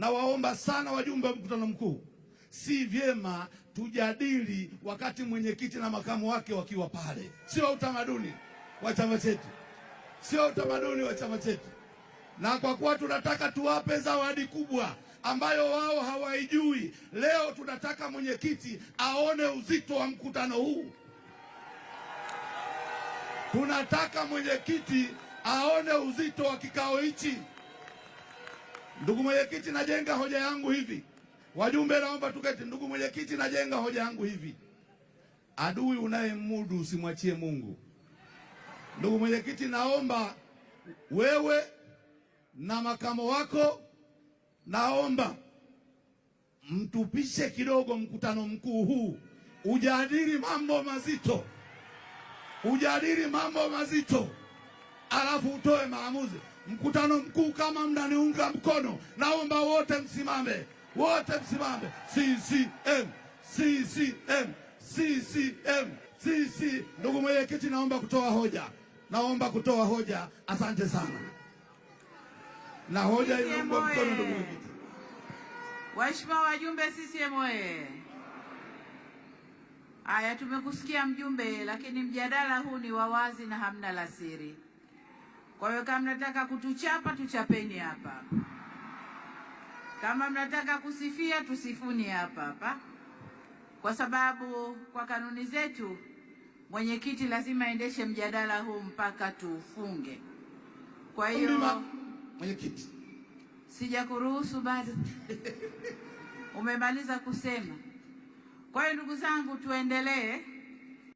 Nawaomba sana wajumbe wa mkutano mkuu, si vyema tujadili wakati mwenyekiti na makamu wake wakiwa pale. Sio utamaduni wa chama chetu, sio utamaduni wa chama chetu. Na kwa kuwa tunataka tuwape zawadi kubwa ambayo wao hawaijui, leo tunataka mwenyekiti aone uzito wa mkutano huu. Tunataka mwenyekiti aone uzito wa kikao hichi. Ndugu mwenyekiti, najenga hoja yangu hivi. Wajumbe, naomba tuketi. Ndugu mwenyekiti, najenga hoja yangu hivi. Adui unaye mudu usimwachie Mungu. Ndugu mwenyekiti, naomba wewe na makamo wako, naomba mtupishe kidogo mkutano mkuu huu, ujadili mambo mazito, ujadili mambo mazito alafu utoe maamuzi. Mkutano mkuu, kama mnaniunga mkono, naomba wote msimame, wote msimame. CCM, CCM, CCM, CCM. Ndugu mwenyekiti, naomba kutoa hoja, naomba kutoa hoja. Asante sana, na hoja inaungwa mkono. Ndugu mwenyekiti, waheshimiwa wajumbe CCM oye! Haya, tumekusikia mjumbe, lakini mjadala huu ni wa wazi na hamna la siri. Kwa hiyo kama mnataka kutuchapa tuchapeni hapa, kama mnataka kusifia tusifuni hapa hapa, kwa sababu kwa kanuni zetu mwenyekiti lazima aendeshe mjadala huu mpaka tufunge Kwa hiyo mwenyekiti, sijakuruhusu bado umemaliza kusema. Kwa hiyo ndugu zangu, tuendelee.